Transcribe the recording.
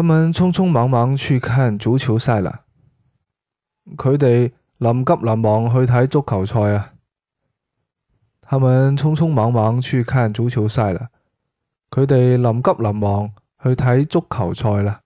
他們匆匆忙忙去看足球賽啦，佢哋臨急臨忙去睇足球賽啊！他們匆匆忙忙去看足球賽啦，佢哋臨急臨忙去睇足球賽啦。